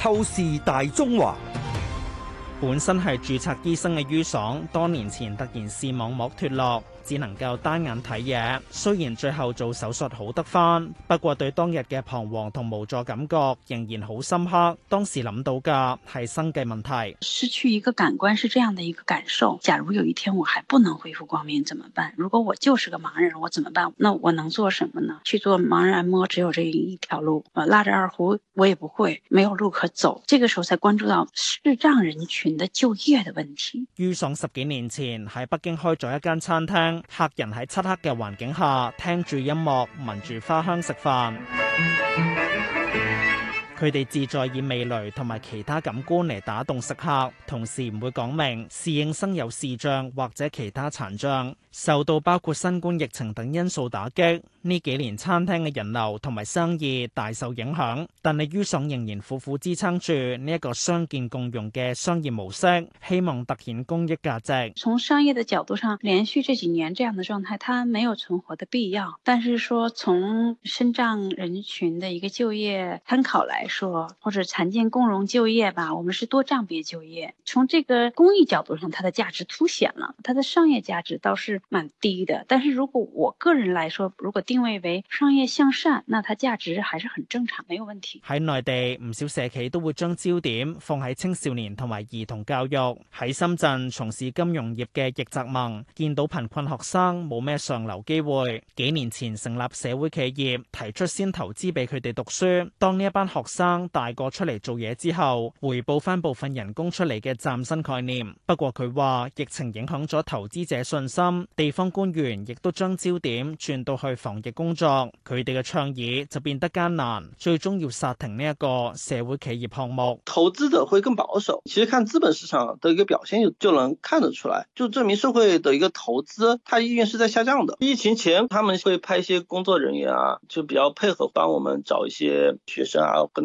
透視大中華。本身係註冊醫生嘅于爽，多年前突然視網膜脱落，只能夠單眼睇嘢。雖然最後做手術好得翻，不過對當日嘅彷徨同無助感覺仍然好深刻。當時諗到嘅係生計問題。失去一個感官是這樣的一個感受。假如有一天我還不能恢復光明，怎麼辦？如果我就是個盲人，我怎麼辦？那我能做什麼呢？去做盲人按摩，只有這一條路。我拉着二胡，我也不會，沒有路可走。這個時候才關注到視障人群。就業嘅問題。于爽十幾年前喺北京開咗一間餐廳，客人喺漆黑嘅環境下聽住音樂，聞住花香食飯。佢哋自在以味蕾同埋其他感官嚟打動食客，同時唔會講明侍應生有視障或者其他殘障。受到包括新冠疫情等因素打擊，呢幾年餐廳嘅人流同埋生意大受影響，但係于爽仍然苦苦撐住呢一個雙健共用嘅商業模式，希望突顯公益價值。從商業的角度上，連續這幾年這樣的狀態，它沒有存活的必要。但是說從身障人群的一個就業參考來。說或者殘健共融就業吧，我們是多障別就業。從這個公益角度上，它的價值凸顯了，它的商業價值倒是蠻低的。但是如果我個人來說，如果定位為商業向善，那它價值還是很正常，沒有問題。喺內地唔少社企都會將焦點放喺青少年同埋兒童教育。喺深圳從事金融業嘅易澤盟見到貧困學生冇咩上流機會，幾年前成立社會企業，提出先投資俾佢哋讀書，當呢一班學生。生大個出嚟做嘢之後，回報返部分人工出嚟嘅嶄新概念。不過佢話疫情影響咗投資者信心，地方官員亦都將焦點轉到去防疫工作，佢哋嘅倡議就變得艱難，最終要殺停呢一個社會企業項目。投資者會更保守，其實看資本市場的一個表現就就能看得出來，就證明社會的一個投資，他意願是在下降的。疫情前他們會派一些工作人員啊，就比較配合幫我們找一些學生啊跟，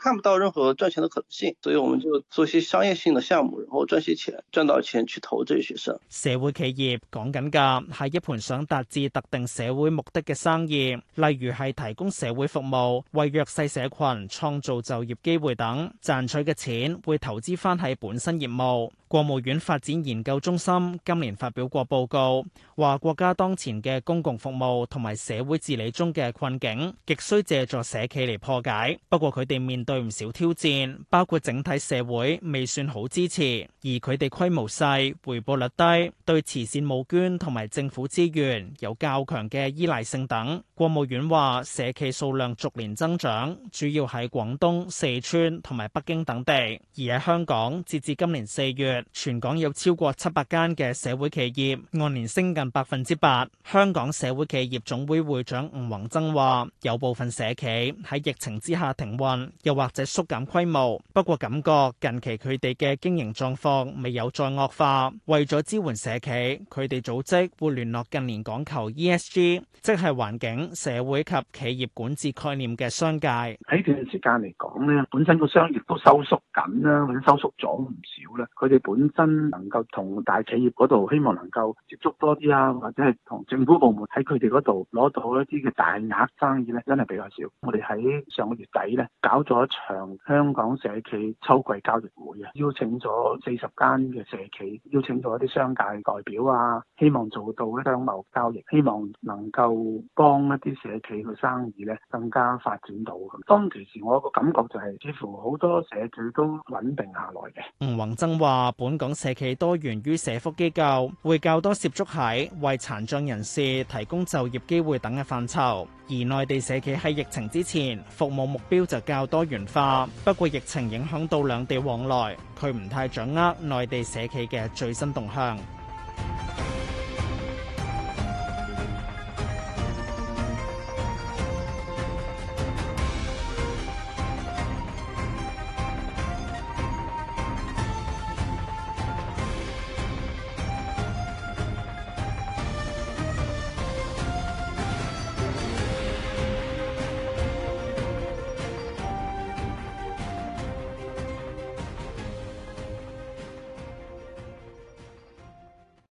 看不到任何賺錢的可能性，所以我們就做些商業性的項目，然後賺些錢，賺到錢去投這些學生。社會企業講緊噶係一盤想達至特定社會目的嘅生意，例如係提供社會服務、為弱勢社群創造就業機會等，賺取嘅錢會投資翻喺本身業務。國務院發展研究中心今年發表過報告，話國家當前嘅公共服務同埋社會治理中嘅困境，極需借助社企嚟破解。不過佢哋面對唔少挑戰，包括整體社會未算好支持，而佢哋規模細、回報率低、對慈善募捐同埋政府資源有較強嘅依賴性等。國務院話，社企數量逐年增長，主要喺廣東、四川同埋北京等地，而喺香港，截至今年四月，全港有超過七百間嘅社會企業，按年升近百分之八。香港社會企業總會會長吳宏增話：有部分社企喺疫情之下停運，又或者縮減規模。不過感覺近期佢哋嘅經營狀況未有再惡化。為咗支援社企，佢哋組織會聯絡近年講求 ESG，即係環境、社會及企業管治概念嘅商界。喺段時間嚟講呢，本身個商業都收縮緊啦，或者收縮咗唔少啦。佢哋。本身能夠同大企業嗰度，希望能夠接觸多啲啊，或者係同政府部門喺佢哋嗰度攞到一啲嘅大額生意咧，真係比較少。我哋喺上個月底咧，搞咗一場香港社企秋季交易會啊，邀請咗四十間嘅社企，邀請咗一啲商界代表啊，希望做到商貿交易，希望能夠幫一啲社企嘅生意咧更加發展到。咁當其時我個感覺就係、是、似乎好多社企都穩定下來嘅。吳宏增話。本港社企多源於社福機構，會較多涉足喺為殘障人士提供就業機會等嘅範疇，而內地社企喺疫情之前服務目標就較多元化，不過疫情影響到兩地往來，佢唔太掌握內地社企嘅最新動向。